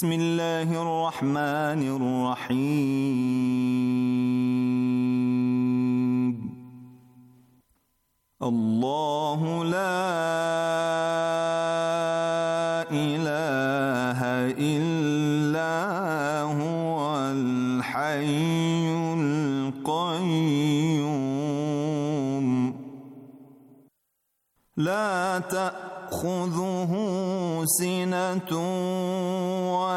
بسم الله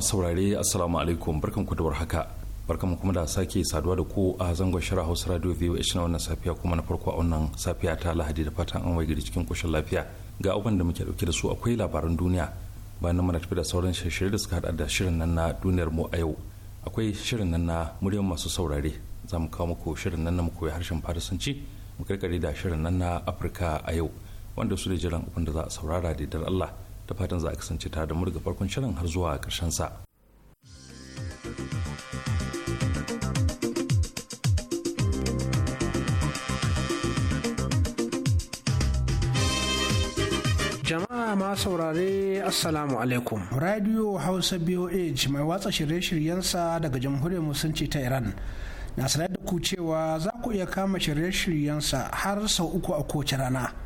saurare assalamu alaikum barkan ku da haka barkan kuma da sake saduwa da ku a zangon shara Hausa Radio VOH na wannan safiya kuma na farko a wannan safiya ta Lahadi da fatan an waye cikin koshin lafiya ga abin da muke dauke da su akwai labaran duniya bayan muna tafi da sauran shirye da suka hada da shirin nan na duniyar mu a yau akwai shirin nan na muryar masu saurare za mu kawo muku shirin nan na mu koyi harshen farisanci mu karkare da shirin nan na Afirka a yau wanda su da jiran abin da za a saurara da Allah da fatan za a kasance ta da mu daga farkon shirin har zuwa ƙarshen sa. Jama'a ma saurare Assalamu alaikum. Radio Hausa boa mai watsa shirye-shiryensa daga Jamhuriyar Musulunci ta Iran. Na sanar da ku cewa za ku iya kama shirye-shiryensa har sau uku a kowace rana.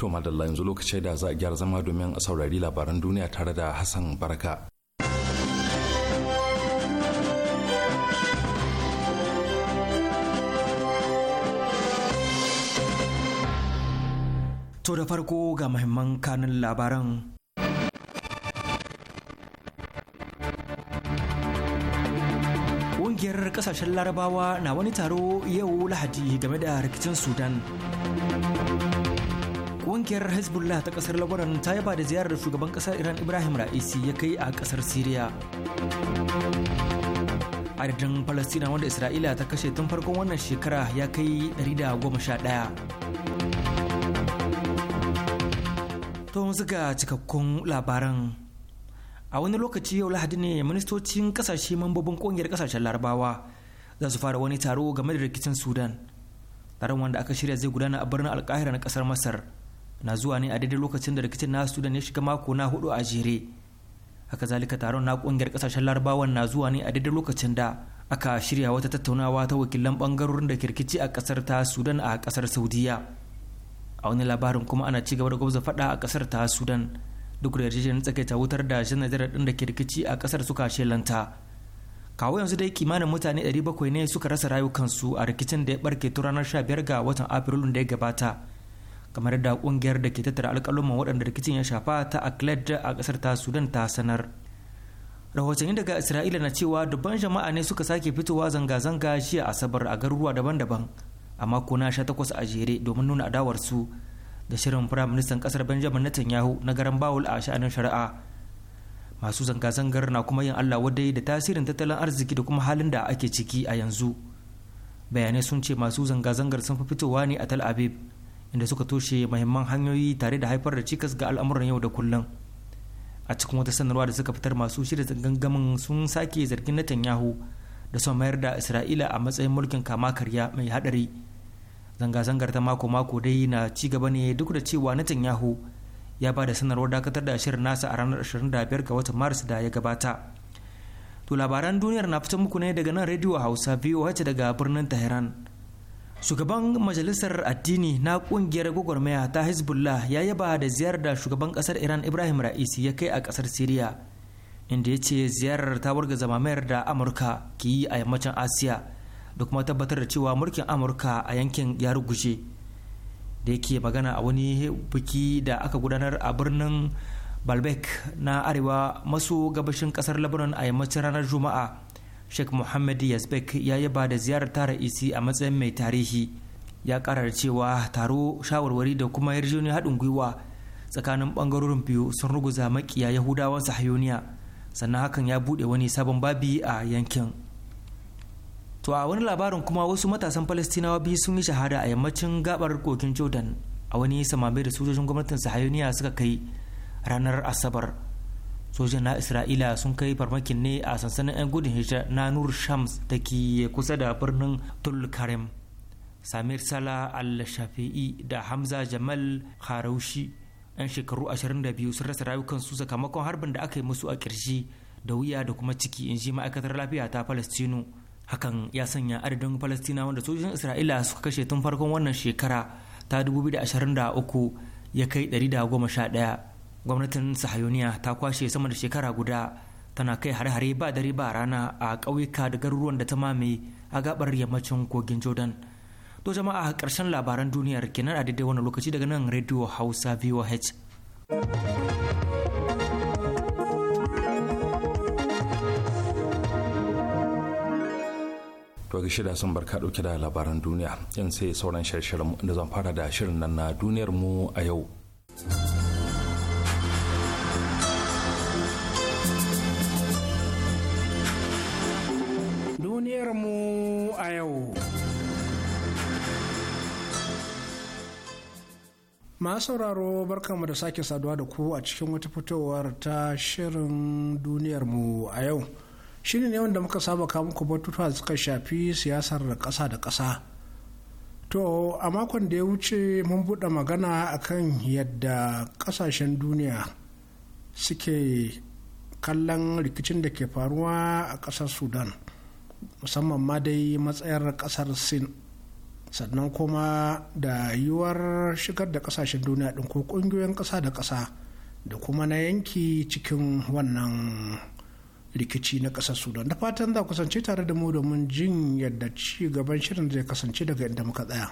To madalla yanzu lokacin da za a gyara zama domin a saurari labaran duniya tare da Hassan Baraka. To da farko ga mahimman kanin labaran. Ƙungiyar ƙasashen larabawa na wani taro yau lahadi game da rikicin Sudan. Ƙungiyar Hezbollah ta kasar Lebanon ta yaba da ziyarar shugaban kasar Iran Ibrahim Ra'isi ya kai a kasar Siriya. Adadin palestina wanda Isra'ila ta kashe tun farkon wannan shekara ya kai 111. To suka cikakkun labaran. A wani lokaci yau Lahadi ne ministocin kasashe mambobin ƙungiyar kasashen Larabawa za su fara wani taro game da rikicin Sudan. Taron wanda aka shirya zai gudana a birnin Alkahira na kasar Masar. na zuwa ne a daidai lokacin da rikicin na sudan ya shiga mako na hudu a jere haka zalika taron na kungiyar kasashen larabawan na zuwa ne a daidai lokacin da aka shirya wata tattaunawa ta wakilan bangarorin da kirkici a kasar ta sudan a kasar saudiya a wani labarin kuma ana ci gaba da gwamza fada a kasar ta sudan duk da yarjejeniyar tsakaita wutar da janar din da kirkici a kasar suka shelanta kawo yanzu dai kimanin mutane 700 ne suka rasa rayukansu a rikicin da ya barke tun ranar 15 ga watan afrilun da ya gabata kamar da kungiyar da ke tattara alkaluman waɗanda rikicin ya shafa ta aklet a ƙasar ta sudan ta sanar rahotanni daga isra'ila na cewa dubban jama'a ne suka sake fitowa zanga-zanga jiya asabar a garuruwa daban-daban a mako na 18 a jere domin nuna adawarsu da shirin firaministan kasar benjamin netanyahu na garan bawul a sha'anin shari'a masu zanga-zangar na kuma yin allah wadai da tasirin tattalin arziki da kuma halin da ake ciki a yanzu bayanai sun ce masu zanga-zangar sun fi fitowa ne a tal aviv inda suka toshe mahimman hanyoyi tare da haifar da cikas ga al'amuran yau da kullum a cikin wata sanarwa da suka fitar masu shirya gangamin sun sake zargin Netanyahu da son mayar da Isra'ila a matsayin mulkin kama karya mai hadari zanga-zangar ta mako-mako dai na ci gaba ne duk da cewa Netanyahu ya ba da sanarwar dakatar da shirin nasa a ranar 25 ga watan Maris da ya gabata to labaran duniyar na fita muku ne daga nan rediyo Hausa VOH daga birnin Tehran shugaban majalisar addini na kungiyar gwagwarmaya ta hezbollah ya yaba da ziyarar da shugaban kasar iran ibrahim ra'isi ya kai a kasar syria inda ya ce ziyarar ta warga zamamayar da amurka ke yi a yammacin asiya da kuma tabbatar da cewa mulkin amurka a yankin ya ruguje da yake magana a wani biki da aka gudanar a birnin balbek na arewa maso gabashin kasar lebanon a yammacin ranar juma'a sheikh muhammad yazbek ya yi ba da ziyarar ta ra'isi e a matsayin mai tarihi ya karar cewa taro shawarwari da kuma yarjejeniyar haɗin gwiwa tsakanin ɓangarorin biyu sun ruguza makiya yahudawan sahayoniya sannan hakan ya buɗe wani sabon babi a yankin to a wani labarin kuma wasu matasan falastinawa biyu sun yi shahada a yammacin gabar kokin jordan a wani samame da sojojin gwamnatin sahayoniya suka kai ranar asabar sojin na isra'ila sun kai farmakin ne a sansanin 'yan gudun hijira na nur shams da ke kusa da birnin tulkarim samir sala al-shafi'i da hamza jamal haraushi 'yan shekaru 22 sun rasa rayukansu sakamakon harbin da aka yi musu a kirji da wuya da kuma ciki in ji ma'aikatar lafiya ta palestino hakan ya sanya adadin palestina wanda sojojin isra'ila suka kashe tun farkon wannan shekara ta 2023 ya kai 111 gwamnatin sahayuniya ta kwashe sama da shekara guda tana kai hare-hare ba dare ba rana a ƙauyuka da garuruwan da ta mame a gabar yammacin kogin jordan to jama'a a ƙarshen labaran duniyar kenan a daidai wani lokaci daga nan radio hausa voh to ga shida sun barka dauke da labaran duniya yan sai sauran shirin da zan fara da shirin nan na duniyar mu a yau yau. masu sauraro barkanmu da sake saduwa da ku a cikin wata fitowar ta shirin duniyarmu a yau shine ne wanda muka saba kawo muku batutuwa suka shafi siyasar da ƙasa da ƙasa to a makon da ya wuce mun buɗe magana akan yadda ƙasashen duniya suke kallon rikicin da ke faruwa a ƙasar sudan musamman ma dai matsayar kasar sin sannan kuma da yiwuwar shigar da kasashen duniya ɗin ko ƙungiyoyin ƙasa da ƙasa da kuma na yanki cikin wannan rikici na ƙasar sudan da fatan za kusance tare da mu domin jin yadda ci gaban shirin zai kasance daga inda muka tsaya.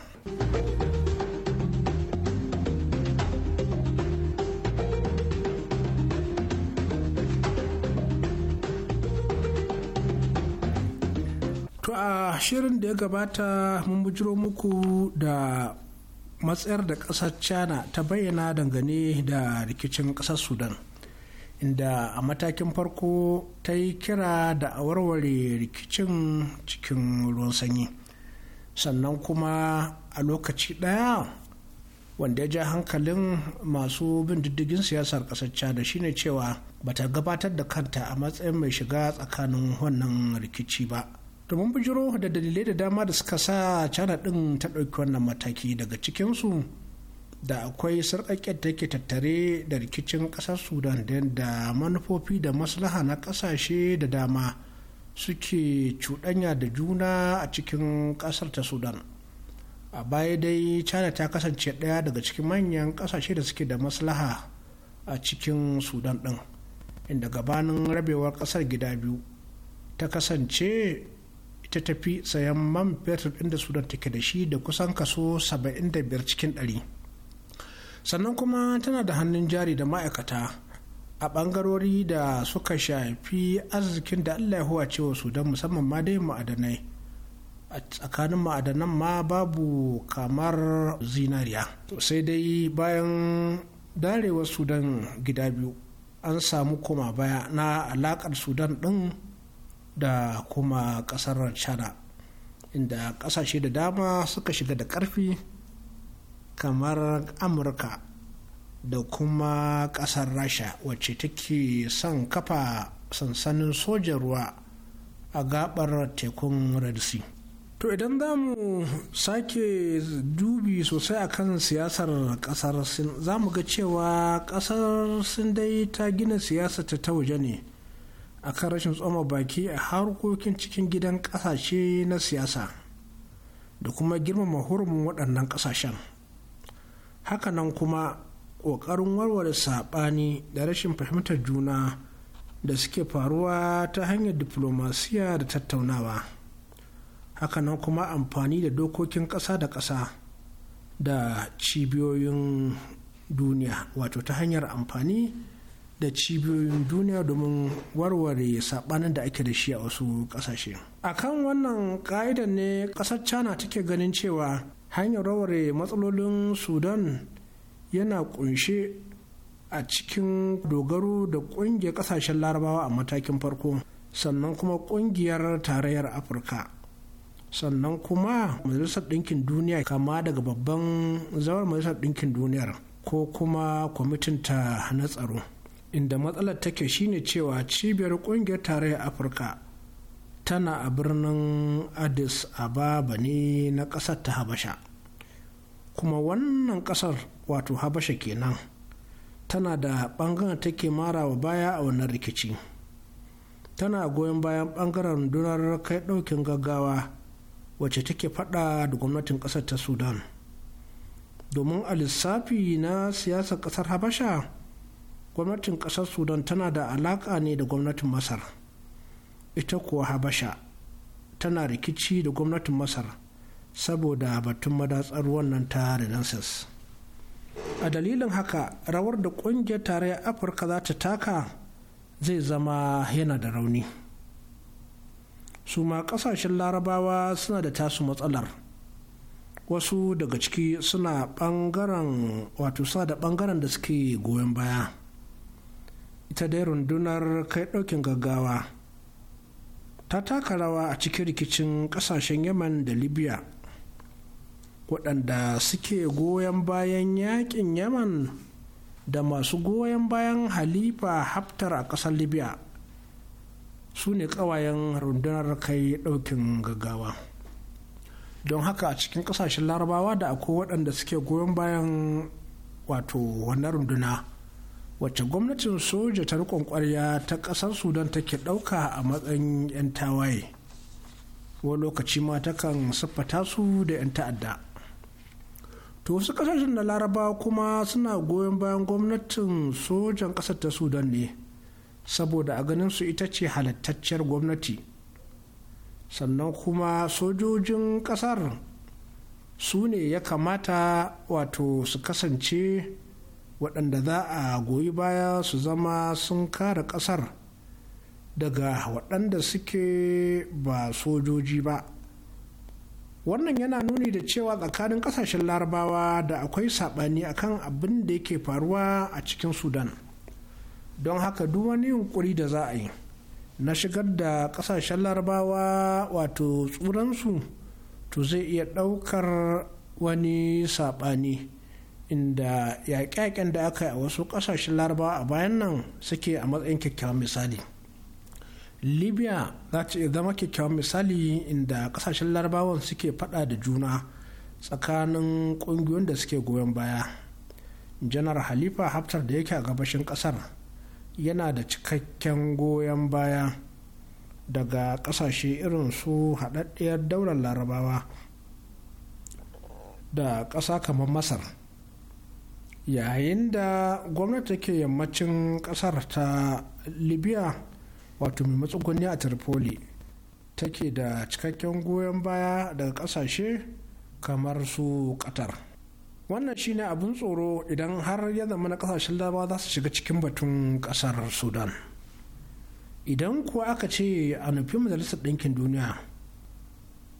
a shirin da ya gabata mun bujiro muku da matsayar da ƙasar china ta bayyana dangane da rikicin ƙasar sudan inda a matakin farko ta yi kira da a warware rikicin cikin ruwan sanyi sannan kuma a lokaci ɗaya wanda ya ja hankalin masu bin diddigin siyasar ƙasar china shine cewa bata gabatar da kanta a matsayin mai shiga tsakanin wannan rikici ba domin bujiro da dalilai da dama da suka sa cana din ta ɗauki wannan mataki daga cikinsu da akwai sarƙaƙƙen da ke tattare da rikicin ƙasar sudan da manufofi da maslaha na ƙasashe da dama suke cuɗanya da juna a cikin ƙasar ta sudan a baya dai china ta kasance ɗaya daga cikin manyan ƙasashe da suke da maslaha a cikin sudan ɗin inda gabanin rabewar ƙasar gida biyu ta kasance ta tafi sayan man fetur ɗin da sudan take da shi da kusan kaso 75 cikin 100 sannan kuma tana da hannun jari da ma'aikata a ɓangarori da suka shafi arzikin da allah ya cewa sudan musamman ma dai ma'adanai a tsakanin ma'adanan ma babu kamar zinariya sai dai bayan darewar sudan gida biyu an samu koma baya na alakar sudan ɗin da kuma kasar china inda kasashe da dama suka shiga da karfi kamar amurka da kuma kasar rasha wacce take son kafa sansanin sojan ruwa a gabar tekun red sea to idan za mu sake dubi sosai akan siyasar kasar sin za mu ga cewa kasar sin dai ta gina siyasa ta waje ne a kan rashin tsoma baki a harkokin cikin gidan kasashe na siyasa da kuma girmama hurumin waɗannan ƙasashen hakanan kuma ƙoƙarin warware saɓani da rashin fahimtar juna da suke faruwa ta hanyar diflomasiya da tattaunawa hakanan kuma amfani da dokokin ƙasa da ƙasa da cibiyoyin duniya wato ta hanyar amfani da cibiyoyin duniya domin warware saɓanin da ake da shi a wasu ƙasashe. A kan wannan ƙa'idar ne ƙasar China take ganin cewa hanyar raware matsalolin Sudan yana kunshe a cikin dogaro da ƙungiyar ƙasashen larabawa a matakin farko sannan kuma ƙungiyar tarayyar Afirka. sannan kuma majalisar ɗinkin duniya kama daga babban zawar majalisar ɗinkin duniyar ko kuma kwamitinta na tsaro inda matsalar take shine cewa cibiyar kungiyar tarayyar afirka tana a birnin addis ababa ne na ƙasar ta habasha kuma wannan ƙasar wato habasha kenan tana da ɓangaren take marawa baya a wannan rikici tana goyon bayan ɓangaren rundunar kai ɗaukin gaggawa wacce take faɗa da gwamnatin ƙasar ta sudan domin a lissafi na siyasar ƙasar habasha gwamnatin ƙasar sudan tana da alaƙa ne da gwamnatin masar ita kuwa habasha tana rikici da gwamnatin masar saboda batun madatsar wannan ta renaissance a dalilin haka rawar da ƙungiyar tarayyar afirka za ta taka zai zama yana da rauni su ma ƙasashen larabawa suna da tasu matsalar wasu daga ciki suna ɓangaren wato suna da ɓangaren da suke goyon baya ta dai rundunar kai ɗaukin gaggawa ta taka rawa a cikin rikicin ƙasashen yaman da libya waɗanda suke goyon bayan yaƙin yaman da masu goyon bayan halifa haftar a ƙasar libya su ne ƙawayen rundunar kai ɗaukin gaggawa don haka a cikin ƙasashen larabawa da akwai waɗanda suke goyon bayan wato wannan runduna wacce gwamnatin soja ta rikon kwarya ta kasar sudan take dauka a matsayin 'yan tawaye wani lokaci ma takan siffata su da 'yan ta'adda to wasu kasashen da laraba kuma suna goyon bayan gwamnatin sojan kasar ta sudan ne saboda a ganin su ita ce halittacciyar gwamnati sannan kuma sojojin kasar su ne ya kamata wato su kasance waɗanda za a goyi baya su zama sun kare ƙasar daga waɗanda suke ba sojoji ba wannan yana nuni da cewa tsakanin ƙasashen larabawa da akwai saɓani akan abin da yake faruwa a cikin sudan don haka duk wani yunkuri da za a yi na shigar da ƙasashen larabawa wato tsuransu to zai iya ɗaukar wani saɓani. inda yaƙe-yaƙen da aka yi a wasu ƙasashen larabawa a bayan nan suke a matsayin kyakkyawan misali libya za ta iya zama kyakkyawan misali inda ƙasashen larabawan suke faɗa da juna tsakanin ƙungiyoyin da suke goyon baya janar halifa haftar da yake a gabashin ƙasar yana da cikakken goyon baya daga ƙasashe irin su haɗaɗɗiyar daular larabawa da ƙasa kamar masar yayin da gwamnati ke yammacin kasar ta libya wato mai matsuguni a tripoli take da cikakken goyon baya daga kasashe kamar su qatar wannan shine abin tsoro idan har ya zama na kasashen laba za su shiga cikin batun kasar sudan idan kuwa aka ce a nufi majalisar ɗinkin duniya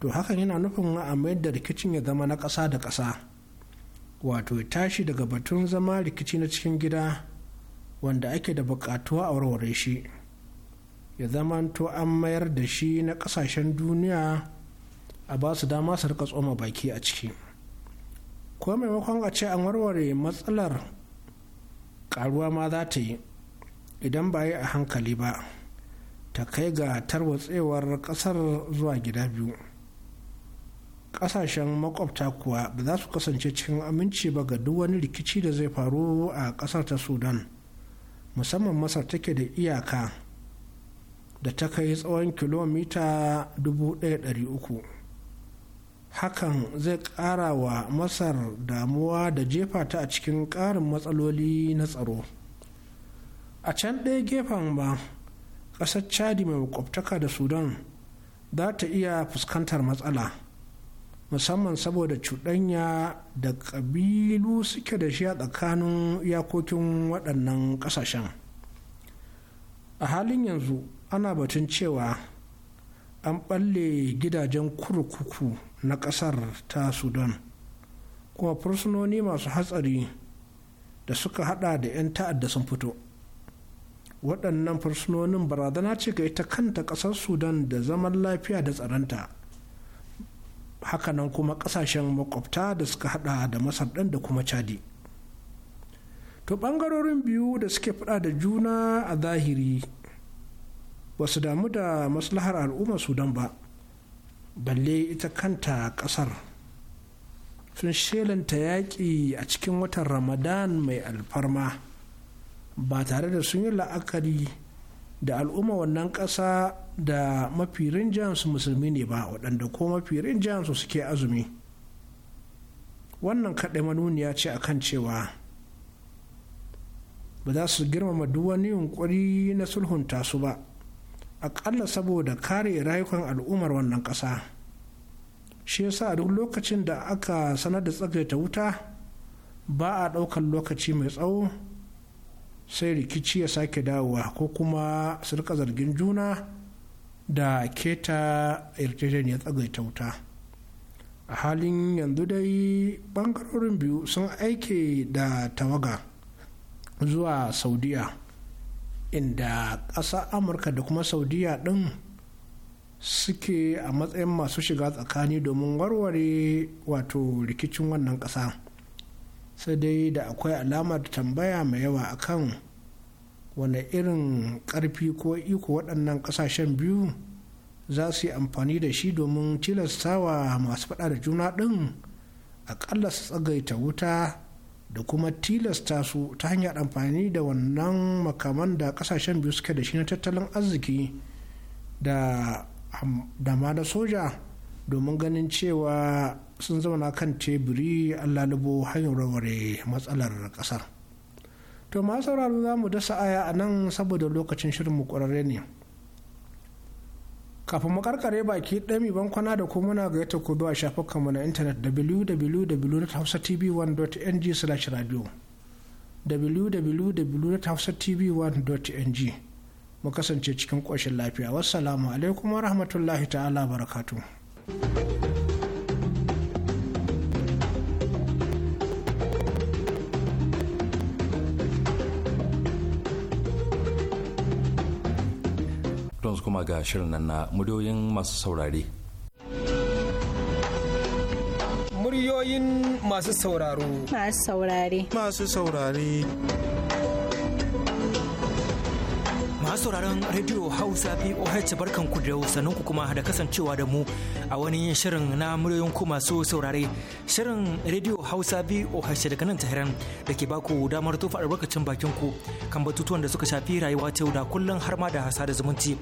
to hakan yana nufin a mayar da rikicin ya zama na ƙasa da ƙasa wato ya tashi daga batun zama rikici na cikin gida wanda ake da bukatuwa a warware shi ya zama to an mayar da shi na kasashen duniya a ba su dama su rika tsoma baki a ciki ko maimakon a ce an warware matsalar karuwa ma za ta yi idan ba yi a hankali ba ta kai ga tarwatsewar kasar zuwa gida biyu kasashen makwabta kuwa ba za su kasance cikin aminci ba ga duk wani rikici da zai faru a kasar ta sudan musamman masar take da iyaka da ta kai tsawon kilomita 1300 hakan zai kara wa masar damuwa da jefa ta a cikin karin matsaloli na tsaro a can ɗaya gefen ba ƙasar chadi mai makwabtaka da sudan za ta iya fuskantar matsala musamman saboda cuɗanya da ƙabilu suke da shi a tsakanin iyakokin waɗannan ƙasashen a halin yanzu ana batun cewa an ɓalle gidajen kurkuku na ƙasar ta sudan kuma fursunoni masu hatsari da suka hada da 'yan ta'adda sun fito waɗannan fursunonin barazana ce ga ita kanta ƙasar sudan da zaman lafiya da tsaronta hakanan kuma kasashen makwabta da suka hada da masar ɗin da kuma chadi to ɓangarorin biyu da suke fada da juna a zahiri ba su damu da maslahar al'ummar sudan ba balle ita kanta ƙasar sun shelanta yaƙi a cikin watan ramadan mai alfarma ba tare da sun yi la'akari da al'umma wannan ƙasa da mafi su musulmi ne ba waɗanda ko mafi su suke azumi wannan kaɗai manuniya ce akan cewa ba za su girmama duk wani yunƙuri na sulhunta su ba aƙalla saboda kare rayukan al'ummar wannan ƙasa shi yasa a duk lokacin da aka sanar da tsagaita wuta ba a ɗaukar lokaci mai tsawo sai rikici ya sake dawowa ko kuma su zargin juna da keta ya tsagaita wuta a halin yanzu dai bangarorin biyu sun aike da tawaga zuwa saudiya inda ƙasa amurka da kuma saudiya ɗin suke a matsayin masu shiga tsakani domin warware wato rikicin wannan ƙasa sai dai da akwai alamar tambaya mai yawa akan wane irin ƙarfi ko iko waɗannan ƙasashen biyu za su yi amfani da shi domin tilastawa masu faɗa da juna ɗin aƙalla su tsagaita wuta da kuma tilasta su ta hanyar amfani da wannan makaman da ƙasashen biyu suke da shi na tattalin arziki da ma na soja domin ganin cewa sun zauna kan teburi lalubo hanyar warware matsalar ƙasar. to ma sauraro za mu dasa aya a nan saboda lokacin shirin mu ƙwararre ne kafin mu karkare baki ɗami bankwana da ko muna ga yata kudu a mu na intanet www.hausatv1.ng slash radio www.hausatv1.ng mu kasance cikin koshin lafiya wassalamu alaikum wa rahmatullahi ta'ala barakatu. don su kuma ga shirin nan na muryoyin masu saurare. Muryoyin masu sauraro. Masu saurare. Masu saurare. masu sauraron Radio Hausa BOH barkanku da sannan ku kuma da kasancewa da mu a wani shirin na muryoyin ku masu saurare. Shirin Radio Hausa BOH daga nan Tahiran da ke baku damar tofa albarkacin bakin ku kan batutuwan da suka shafi rayuwa ta yau da kullum har ma da hasa da zumunci.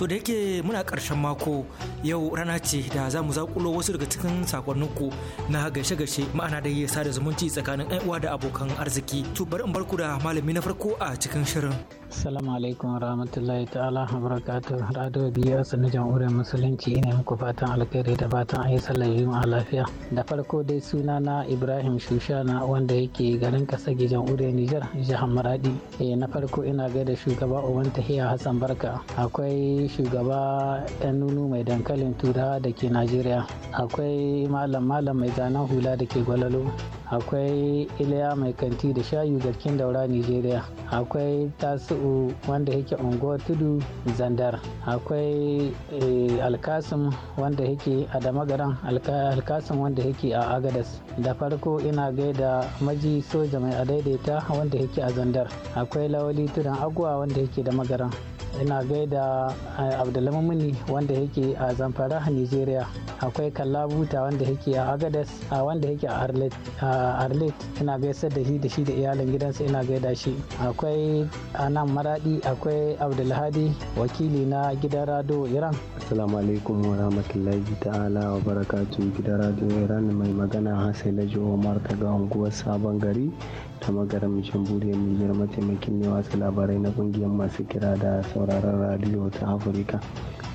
To da yake muna ƙarshen mako yau rana ce da za mu zaƙulo wasu daga cikin sakonninku na gashe-gashe ma'ana da yi sada zumunci tsakanin uwa da abokan arziki. To bari in barku da malami na farko a cikin shirin. Assalamu alaikum rahmatullahi ta'ala barakatu radio biyu a na jamhuriyar musulunci ina muku fatan alkhairi da fatan ayi sallar juma'a lafiya da farko dai suna na ibrahim shushana wanda yake garin kasage jamhuriyar nijar jihar maradi eh, na farko ina gaida shugaba uban tahiya hassan barka akwai shugaba yan nunu mai dankalin turawa da ke najeriya akwai malam malam mai zanen hula da ke gwalalo akwai iliya mai kanti da shayu garkin daura nigeria akwai tasu'u wanda yake unguwar tudu zandar akwai eh, alkasim wanda yake a damagaran alkasim wanda yake a agadas da farko ina gaida maji soja mai adaidaita wanda yake a zandar akwai lawali tudun agwa wanda yake da magaran ina gaida eh, muni wanda yake a zamfara a nigeria akwai kalabuta wanda yake a agadas wanda yake a arlet ina gaisa da shi da shi da iyalin gidansa ina gaida shi akwai anan maradi akwai abdulhadi wakili na gidan rado iran assalamu alaikum wa rahmatullahi ta'ala wa barakatu gidan rado iran mai magana hasai laji omar daga unguwar sabon gari ta magaram jamhuriyar nijar mataimakin ne wasu labarai na kungiyar masu kira da sauraron radiyo ta Afirka.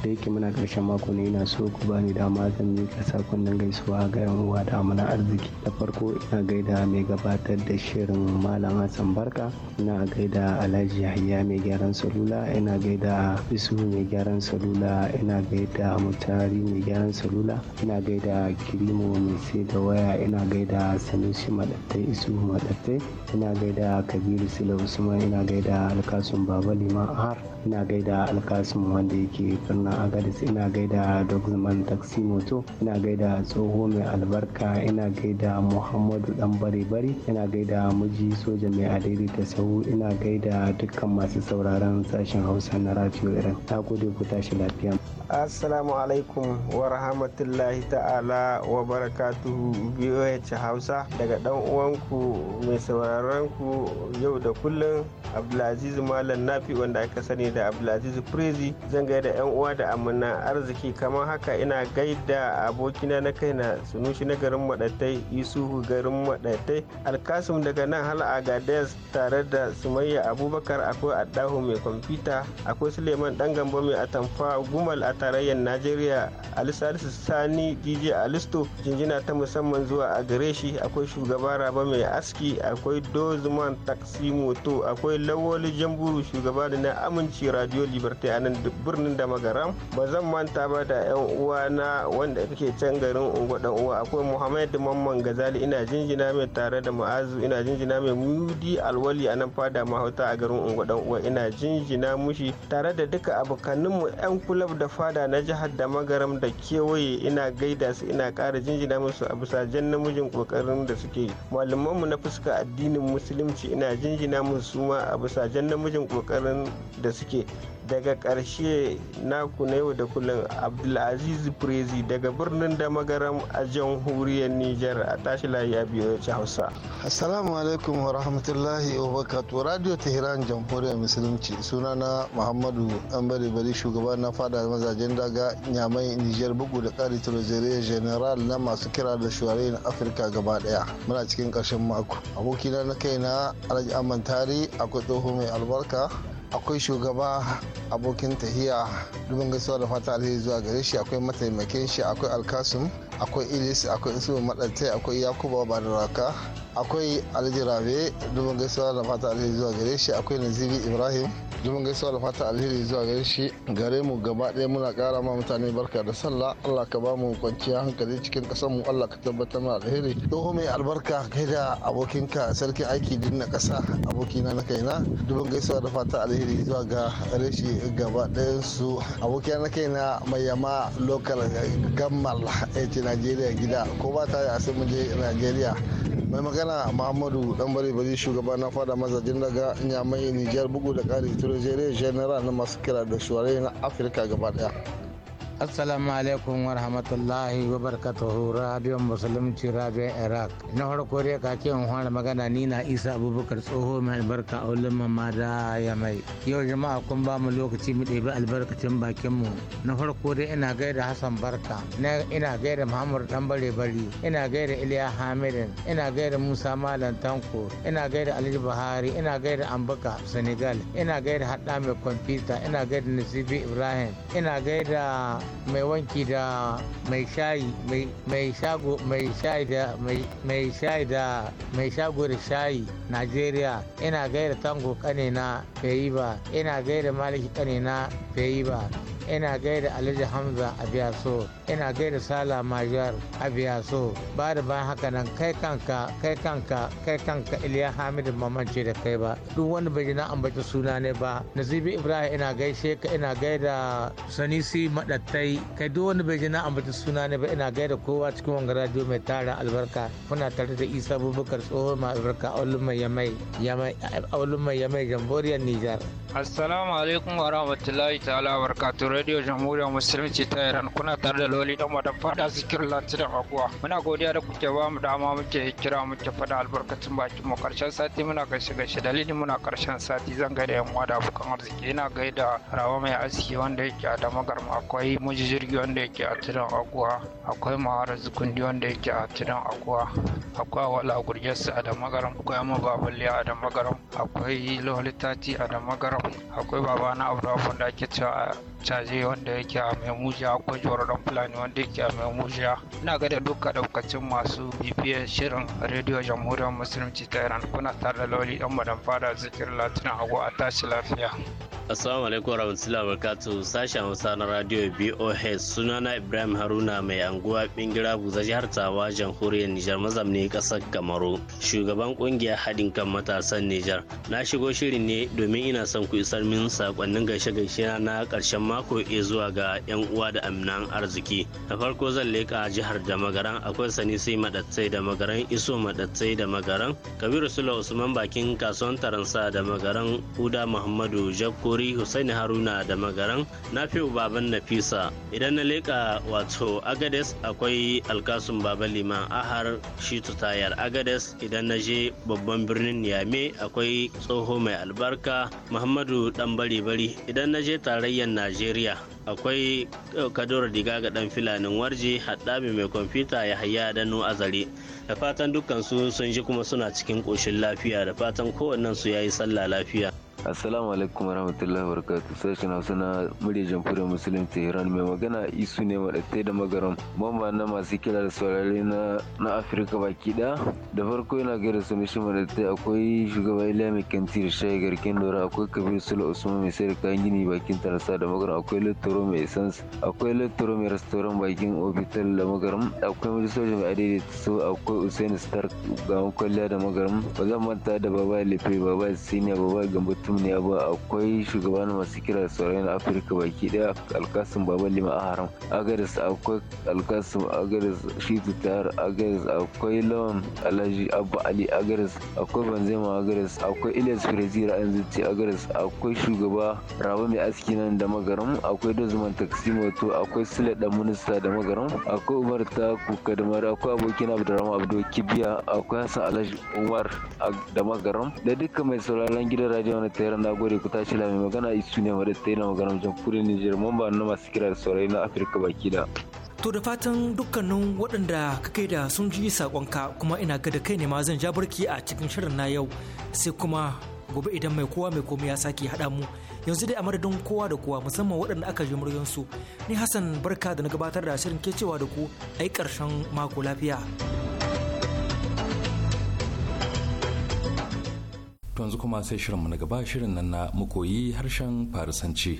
da yake muna karshen mako ne ina so ku bani dama zan miƙa sakonnin gaisuwa ga yan uwa da amana arziki da farko ina gaida mai gabatar da shirin malam hassan barka ina gaida alhaji hayya mai gyaran salula ina gaida isu mai gyaran salula ina gaida mutari mai gyaran salula ina gaida kirimo mai sai da waya ina gaida sanusi madattai isu madattai ina gaida kabiru sila usman ina gaida alkasun baba liman har ina gaida alkasun wanda yake birnin a agadis ina gaida dogzman taxi moto ina gaida tsoho mai albarka ina gaida muhammadu dan bari bari ina gaida miji soja mai adiri ta sahu ina gaida dukkan masu sauraron sashen hausa na radio irin ta gode ku tashi lafiya assalamu alaikum wa rahmatullahi ta'ala wa barakatuhu biyu Hausa daga dan uwanku mai sauraron ku yau da kullum Abdulaziz Malam Nafi wanda aka sani da Abdulaziz Prezi zan da yan uwa da amana arziki kamar haka ina gaida abokina na kaina sunushi na garin madatai Isuhu garin madatai Alkasum daga nan hal Agadez tare da Sumayya Abubakar akwai Adahu mai kwamfuta akwai Suleiman dan gambo mai atamfa Gumal tarayyar najeriya alisalisu sani dj alisto jinjina ta musamman zuwa a gare shi akwai shugaba raba mai aski akwai dozman taksi moto akwai lawoli jamburu shugaba da na aminci radio liberty a nan birnin da magaram ba zan manta ba da yan uwa na wanda kake can garin unguwa uwa akwai muhammad mamman gazali ina jinjina mai tare da ma'azu ina jinjina mai mudi alwali a nan fada mahauta a garin unguwa dan uwa ina jinjina mushi tare da duka abokaninmu yan kulab da fa fada na jihar da magaram da kewaye ina gaida su ina kara jinjina musu a bisa jan namijin kokarin da suke malamanmu na fuska addinin musulunci ina jinjina musu ma a bisa jan namijin kokarin da suke daga ƙarshe naku na yau da kullum abdulaziz prezi daga birnin magaram a jamhuriyar niger a tashi ya biyu hausa assalamu alaikum wa rahmatullahi wa barakatuh radio tehran jamhuriyar musulunci sunana muhammadu ambari bari shugaba na fada maza magajin daga nyamai nijar bugu da kari trezere general na masu kira da shuwarayin afirka gaba daya muna cikin karshen mako abokina na kaina alhaji amman tari akwai tsoho mai albarka akwai shugaba abokin tahiya dubin gaisuwa da fata alheri zuwa gare shi akwai mataimakin shi akwai alkasum akwai ilisi akwai isu maɗatai akwai yakuba raka akwai aljirabe dubin gaisuwa da fata alheri zuwa gare shi akwai naziri ibrahim dubin gaisuwa da fata alheri zuwa gare shi gare mu gaba ɗaya muna ƙara ma mutane barka da sallah allah ka ba mu kwanciya hankali cikin ƙasar mu allah ka tabbatar mana alheri ɗoho mai albarka kai da abokinka sarki aiki din na ƙasa abokina na kaina dubin gaisuwa da fata alheri zuwa ga shi gaba ɗayan su abokina na kaina mai yama gamal. gammal eh, najeriya gida ko ba ta a sai je najeriya mai magana muhammadu dan bari bari shugaba na fada mazajin daga nyamai nijar bugu da kari turjere general na masu kira da shuwarai na afirka gaba daya assalamu alaikum wa rahmatullahi wa barakatuhu radiyon musulunci radiyon iraq na farko dai ka in fara magana ni na isa abubakar tsoho mai albarka a wulin mamma da ya mai yau jama'a kun ba mu lokaci mu ɗebi albarkacin bakin mu na farko dai ina gaida hassan barka ina gaida muhammad dan bare bari ina gaida iliya hamidin ina gaida musa malam tanko ina gaida alhaji buhari ina gaida ambaka senegal ina gaida hadda mai kwamfuta ina gaida nasibi ibrahim ina gaida mai wanki da mai shayi mai shago mai shayi da mai shayi da mai shago da shayi Najeriya ina gaida tango kane na bai ba ina gaida maliki kane na bai ba ina gaida alhaji hamza a biyaso ina gaida sala majar a biyaso ba da bayan haka nan kai kanka kai kanka kai kanka iliya hamidu mamance da kai ba duk wanda bai na ambaci suna ne ba nazibi ibrahim ina gaishe ka ina gaida sanisi madatta sosai kai duk wani bai jina ambaci suna ne ba ina gaida kowa cikin wanga radio mai tara albarka kuna tare da isa abubakar tsoho ma albarka aulun mai yamai yamai jamboriyar nijar assalamu alaikum wa rahmatullahi ta'ala wa barakatuh radio jamhuriyar musulunci ta iran kuna tare da loli dan wadda fada zikir lati da aguwa muna godiya da kuke ba mu dama muke kira muke fada albarkacin bakin mu karshen sati muna gaishe gaishe dalilin muna karshen sati zan gaida yan wada da abokan arziki ina gaida rawa mai aski wanda yake a damagar akwai muji jirgi wanda yake a tiran aguwa akwai mahara zukundi wanda yake a tiran aguwa akwai wala gurjesa a da magaram akwai amma babaliya a da magaram akwai lolitati a da magaram akwai baba na abu da ake cewa caje wanda yake a memuja akwai jorodan fulani wanda yake a memuja ina ga da duka daukacin masu bibiyar shirin rediyo jamhuriyar musulunci ta iran kuna tare da lauli dan madan fada zikir latin hagu a tashi lafiya assalamu alaikum warahmatullahi wabarakatuh sashen hausa na radio biyu suna sunana Ibrahim Haruna mai anguwa bingira buza jihar Tawa jamhuriyar Nijar mazamni kasar Kamaru shugaban kungiyar haɗin kan matasan Nijar na shigo shirin ne domin ina son ku isar min sakonnin gaishe gaishe na karshen mako e zuwa ga yan uwa da aminan arziki na farko zan leka jihar da magaran akwai sani sai madatsai da magaran iso madatsai da magaran Kabiru Sula Usman bakin kasuwan Taransa da magaran Uda Muhammadu Jakkori Hussaini Haruna da magaran Nafi'u Baban Nafisa Idan na leƙa wato Agades akwai alkasun Baba Liman Ahar shi Tayar Agades idan na je babban birnin Niame akwai tsoho mai albarka Muhammadu Dan Bari Bari idan na je tarayyar Najeriya akwai eh, Kadoro Diga ga Dan Filanin Warje Haddabi mai kwamfuta ya haya Dano Azare. Da fatan dukkan su sun ji kuma suna cikin ƙoshin lafiya da fatan kowannen su yayi sallah lafiya. Assalamu alaikum warahmatullahi wabarakatuh sashen Hausa na murya jamhuriyar Musulun Tehran mai magana isu ne madattai da magaram mamba na masu kira da saurare na na Afirka baki da da farko yana gaira su mishi madattai akwai shugaba Iliya mai kanti da shayi garken dora akwai Kabir Sula Usman mai sayar kayan gini bakin tarasa da magaram akwai Lettoro mai essence akwai Lettoro mai restaurant bakin ofital da magaram akwai Mujisoji mai da so akwai Usaini Stark ga kwalliya da magaram ba zan manta da Baba Lefe Baba Siniya Baba Gambatun duniya ba akwai shugaban masu kira saurayin afirka baki daya alkasim baba lima haram agaris akwai alkasim agaris shi tahar agaris akwai lawan alhaji abba ali agaris akwai banzema agaris akwai ilyas a yanzu zuci agaris akwai shugaba rabu mai aski nan da magaram akwai dozuman taksimoto akwai sule da minista da magaram akwai umar ta kuka da mara akwai abokin abdurrahman abdo kibiya akwai hassan alhaji umar da magaram da duka mai sauraron gidan radio na tehran na gode ku tashi la mai magana isu ne wadda ta yi na maganar kudin nijar mamba na masu kira da saurayi na afirka baki da To da fatan dukkanin waɗanda kai da sun ji saƙonka kuma ina ga da kai ne ma zan ja barki a cikin shirin na yau sai kuma gobe idan mai kowa mai komai ya sake haɗa mu yanzu dai a madadin kowa da kowa musamman waɗanda aka ji muryansu ni Hassan barka da na gabatar da shirin ke cewa da ku a yi ƙarshen mako lafiya. To yanzu kuma sai shirinmu na gaba shirin nan na mukoyi harshen Farisanci.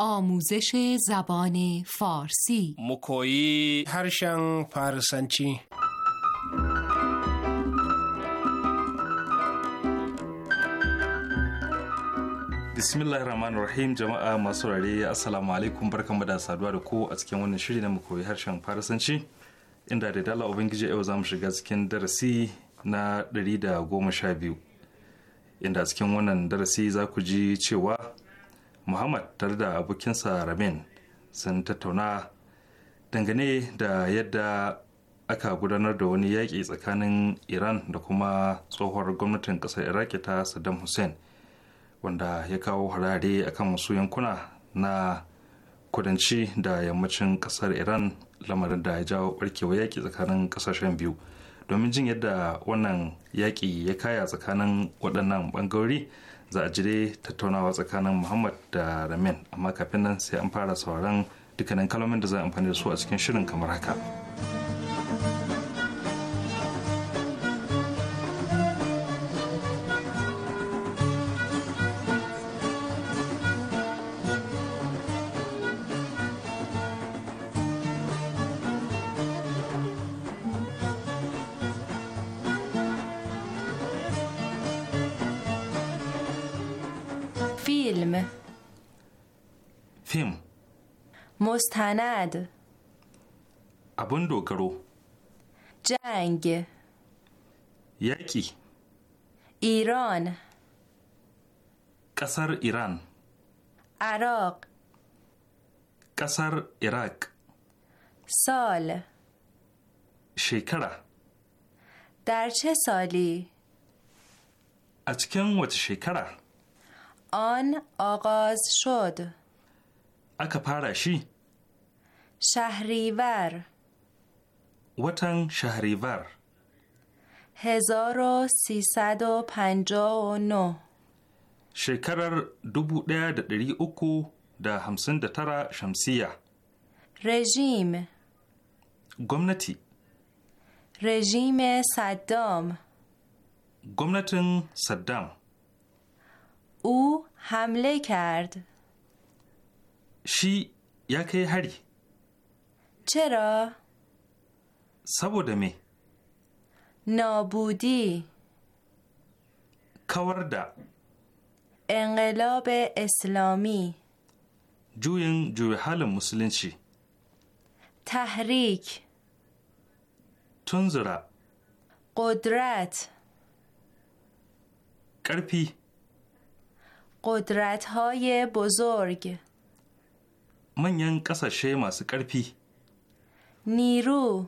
آموزش زبان فارسی مکویی هرشن فارسنچی Bismillahirrahmanirrahim jama'a masu rare assalamu alaikum barkanmu da saduwa da ku a cikin wannan shiri na koyi harshen farasanci inda da dala ubangiji yau za mu shiga cikin darasi na ɗari da goma sha biyu inda cikin wannan darasi za ku ji cewa muhammad tare da abokinsa ramin sun tattauna dangane da yadda aka gudanar da wani yaƙi tsakanin iran da kuma tsohuwar gwamnatin ƙasar iraki ta saddam hussein wanda ya kawo harare a kan wasu yankuna na kudanci da yammacin kasar iran lamarin da ya jawo barkewar yaƙi tsakanin ƙasashen biyu domin jin yadda wannan yaƙi ya kaya tsakanin waɗannan ɓangarori za a jire tattaunawa tsakanin muhammad da ramin amma kafin nan sai an fara sauran dukkanin kalamin da za a amfani da su a cikin shirin kamar haka. فیلم فیلم مستند ابون دوگرو جنگ یکی ایران قصر ایران عراق قصر عراق سال شکره در چه سالی؟ از کن وچه شکره؟ آن آغاز شد اکا پارشی شهریور وطن شهریور هزار و سیصد و پنجا و نو شکرر دوبو ده دری اکو ده همسن ده ترا شمسیه رژیم گمنتی رژیم صدام گمنتن صدام او حمله کرد شی یک هری چرا؟ سبودمی نابودی کوردا انقلاب اسلامی جوین جوی حال تحریک تنزره قدرت کرپی قدرت های بزرگ من ین قصاشه ماسو کرپی نیرو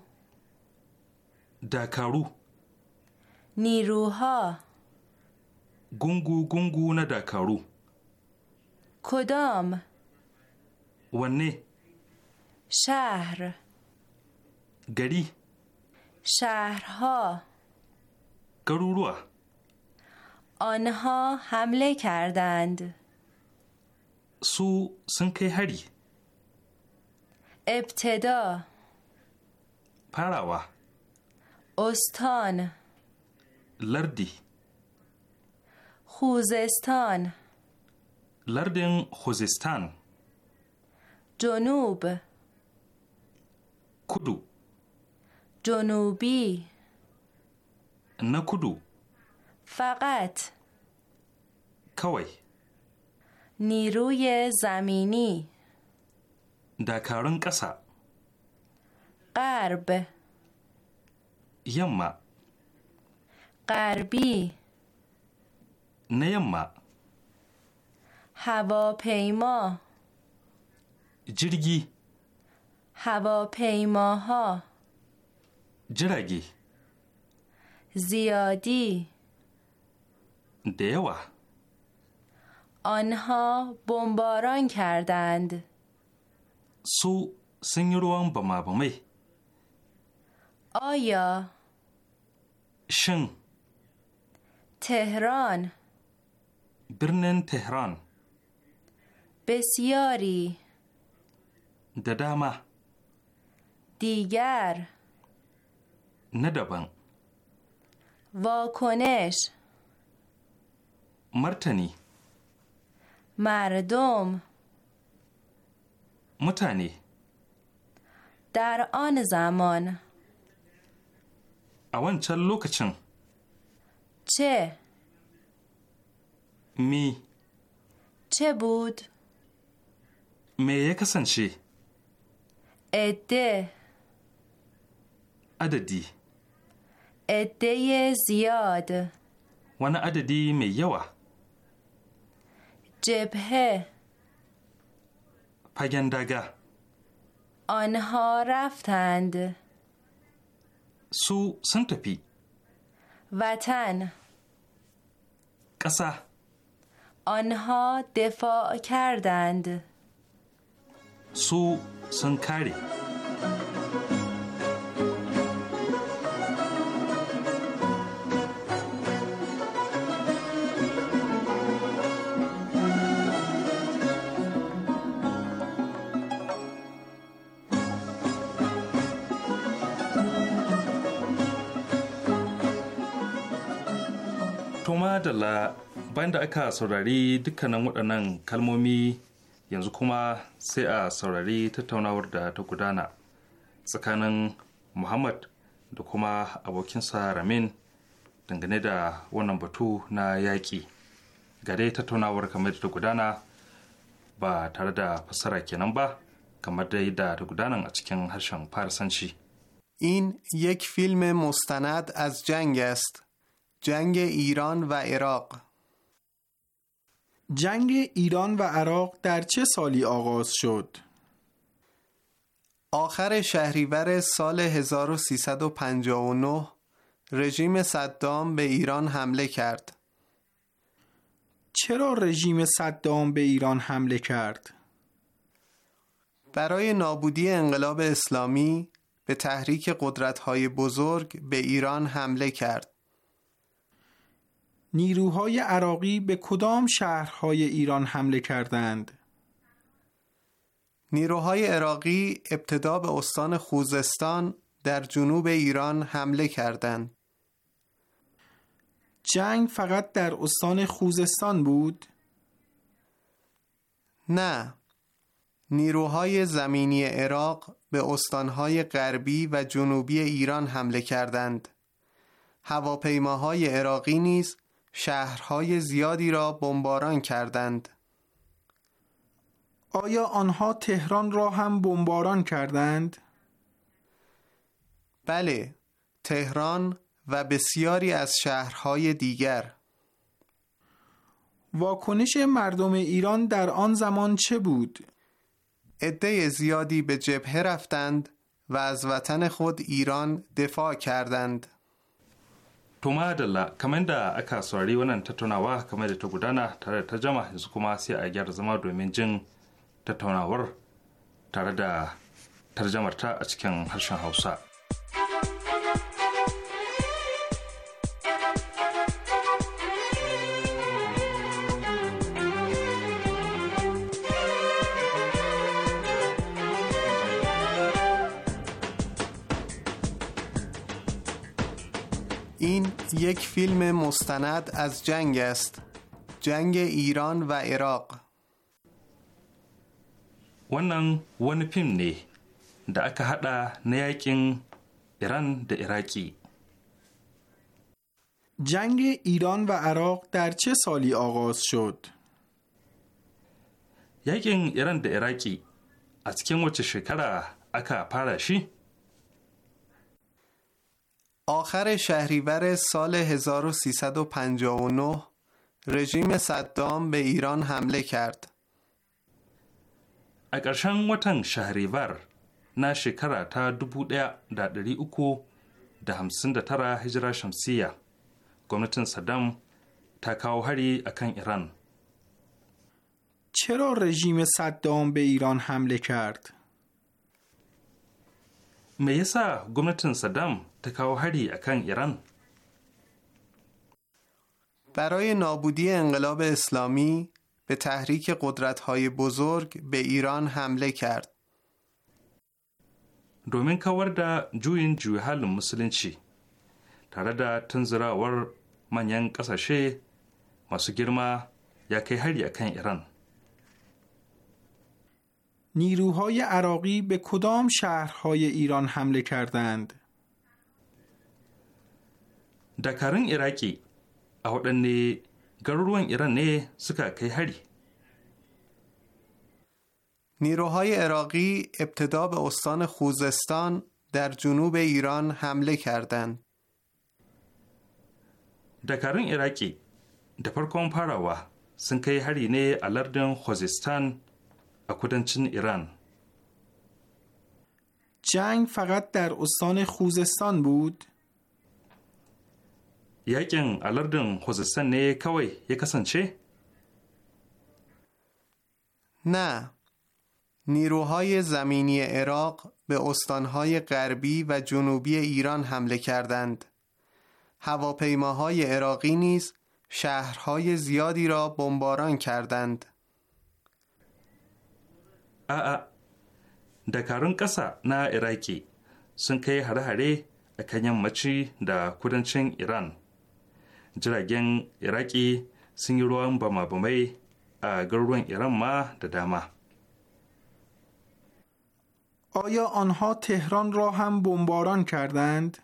داکارو نیروها گونگو گونگو نه داکارو کدام ونه شهر گری شهرها گروروا آنها حمله کردند سو سنکه هری ابتدا پراوه استان لردی خوزستان لردن خوزستان جنوب کدو جنوبی نکدو فقط کوی نیروی زمینی دکارن کسا غرب یما غربی نیما هواپیما جرگی هواپیماها جرگی زیادی دیوه آنها بمباران کردند سو سنگروان بما آیا شن تهران برنن تهران بسیاری ددامه دیگر ندبن واکنش مرتنی مردم متنی در آن زمان اوان چل لوکچن چه می چه بود می یکسن چی اده عددی اده زیاد wani adadi mai yawa. جبهه پگندگه آنها رفتند سو سنتپی وطن قصه آنها دفاع کردند سو سنکاری To la bayan da aka saurari dukkanin waɗannan kalmomi yanzu kuma sai a saurari tattaunawar da ta gudana tsakanin Muhammad da kuma abokinsa Ramin dangane da wannan batu na yaƙi. Ga tattaunawar kamar da gudana ba tare da fassara kenan ba kamar dai da ta gudanan a cikin harshen Farisanci. in yake filme mustanad as jangest جنگ ایران و عراق جنگ ایران و عراق در چه سالی آغاز شد؟ آخر شهریور سال 1359 رژیم صدام به ایران حمله کرد. چرا رژیم صدام به ایران حمله کرد؟ برای نابودی انقلاب اسلامی به تحریک قدرت‌های بزرگ به ایران حمله کرد. نیروهای عراقی به کدام شهرهای ایران حمله کردند؟ نیروهای عراقی ابتدا به استان خوزستان در جنوب ایران حمله کردند. جنگ فقط در استان خوزستان بود؟ نه. نیروهای زمینی عراق به استانهای غربی و جنوبی ایران حمله کردند. هواپیماهای عراقی نیز شهرهای زیادی را بمباران کردند آیا آنها تهران را هم بمباران کردند؟ بله، تهران و بسیاری از شهرهای دیگر. واکنش مردم ایران در آن زمان چه بود؟ عده زیادی به جبهه رفتند و از وطن خود ایران دفاع کردند. To madalla kamar da aka saurari wannan tattaunawa kamar da ta gudana tare da ta jama yanzu kuma sai a gyara zama domin jin tattaunawar tare da tarjamarta a cikin harshen Hausa. یک فیلم مستند از جنگ است جنگ ایران و عراق wannan wani fim ne da aka hada na yakin Iran جنگ ایران و عراق در چه سالی آغاز شد؟ یکی ایران در عراقی از کن شکره اکا پارشی؟ آخر شهریور سال 1359 رژیم صدام به ایران حمله کرد. اگر شنگ وطن شهریور نه تا دوبو دیا دادری اوکو ده همسند شمسیه گمنتن صدام تا کاوهری اکن ایران چرا رژیم صدام به ایران حمله کرد؟ میسا گمنتن صدام ta kawo hari برای نابودی انقلاب اسلامی به تحریک قدرت بزرگ به ایران حمله کرد. دومین کورد جوین جوی حال مسلین چی دا تنزرا ور منین قصاشه ماسو گرما یا که هر یکن ایران. نیروهای عراقی به کدام شهرهای ایران حمله کردند؟ dakarun iraki a waɗanne garuruwan iran ne suka kai hari نیروهای عراقی ابتدا به استان خوزستان در جنوب ایران حمله کردند. دکارن عراقی دپر farkon پاراوا sun kai hari خوزستان اکودنچن کودنچین ایران. جنگ فقط در استان خوزستان بود؟ yakin الردن، lardin خوزستان ne kawai ya نه نیروهای زمینی عراق به استانهای غربی و جنوبی ایران حمله کردند هواپیماهای عراقی نیز شهرهای زیادی را بمباران کردند آه، dakarun دکارون نه iraki sun kai هره هره a kan مچی دا jiragen iraki sun yi ruwan bama-bamai a garuruwan iran ma da dama آیا آنها تهران را هم بمباران کردند؟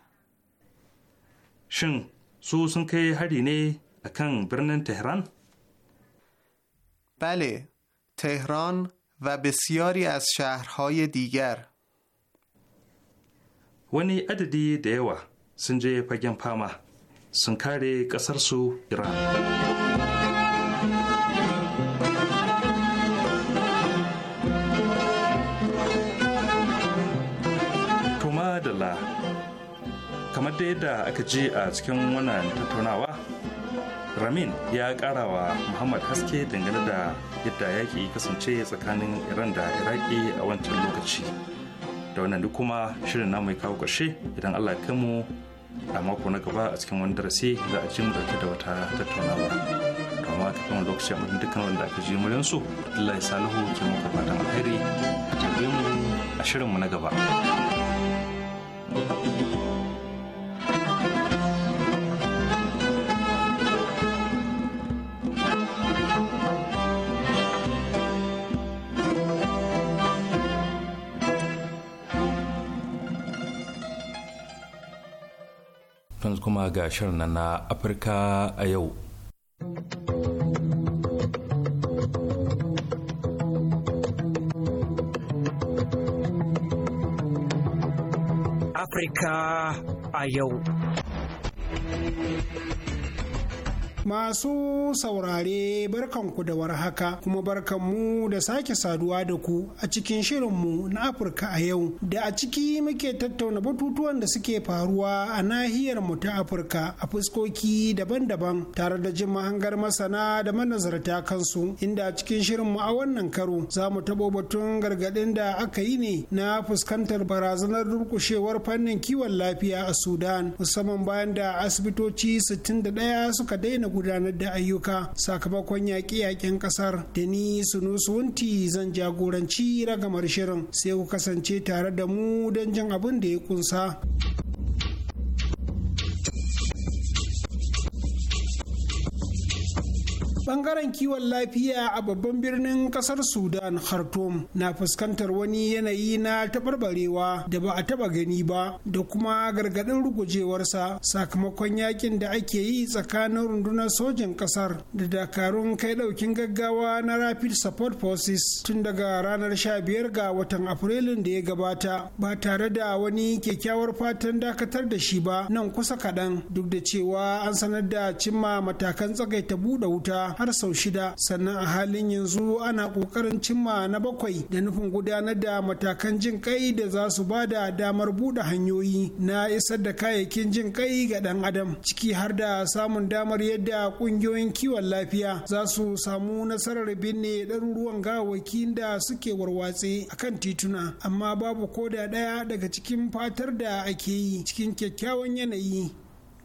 شن سو سن که هری نه اکن برنن تهران؟ بله تهران و بسیاری از شهرهای دیگر ونی عددی دیوه سنجه پگن پامه sun kare ƙasarsu iran kamar da yadda aka ji a cikin wannan tattaunawa ramin ya kara wa muhammad haske dangane da yadda yaƙi kasance tsakanin iran da iraki a wancan lokaci da wannan duk kuma shirin namu ya kawo ƙarshe idan allah ya mu a mako na gaba a cikin wani darasi za a ci mu dauke da wata tattaunawa amma ka kan lokaci a mutum dukkan wanda aka ji muryan su Allah salihu ke muku fatan alheri a tabi mu a shirin mu na gaba. thank you kuma ga shirin na Afirka a yau. Afirka a yau. masu saurare barkanku da warhaka kuma barkanmu da sake saduwa da ku a cikin shirinmu na Afirka a yau da a ciki muke tattauna batutuwan da suke faruwa a nahiyar mu ta Afirka a fuskoki daban-daban tare da jin mahangar masana da manazarta kansu inda a cikin shirinmu a wannan karo za mu tabo batun gargaɗin da aka yi ne na fuskantar barazanar durkushewar fannin kiwon lafiya a Sudan musamman bayan da asibitoci 61 suka daina gudanar da ayyuka sakamakon yaƙi yaƙen ƙasar da ni sunusunti zan jagoranci ragamar shirin sai ku kasance tare da mu don jin abin da ya kunsa. bangaren kiwon lafiya a babban birnin kasar sudan khartoum na fuskantar wani yanayi na tabarbarewa da ba a taba gani ba da kuma gargadin rugujewarsa sakamakon yakin da ake yi tsakanin rundunar sojin kasar da dakarun kai daukin gaggawa na rapid support forces tun daga ranar 15 ga watan afrilun da ya gabata ba tare da wani kyakkyawar fatan dakatar da shi ba nan kusa kaɗan duk da cewa an sanar da cimma matakan tsagaita buɗe wuta har sau shida sannan a halin yanzu ana ƙoƙarin cimma na bakwai da nufin gudanar da matakan jin kai da za su ba da damar buɗe hanyoyi na isar da kayayyakin jin kai ga ɗan adam ciki har da samun damar yadda ƙungiyoyin kiwon lafiya za su samu nasarar binne ɗaruruwan gawaki da suke warwatse akan tituna amma babu koda ɗaya daga cikin fatar da ake yi cikin kyakkyawan yanayi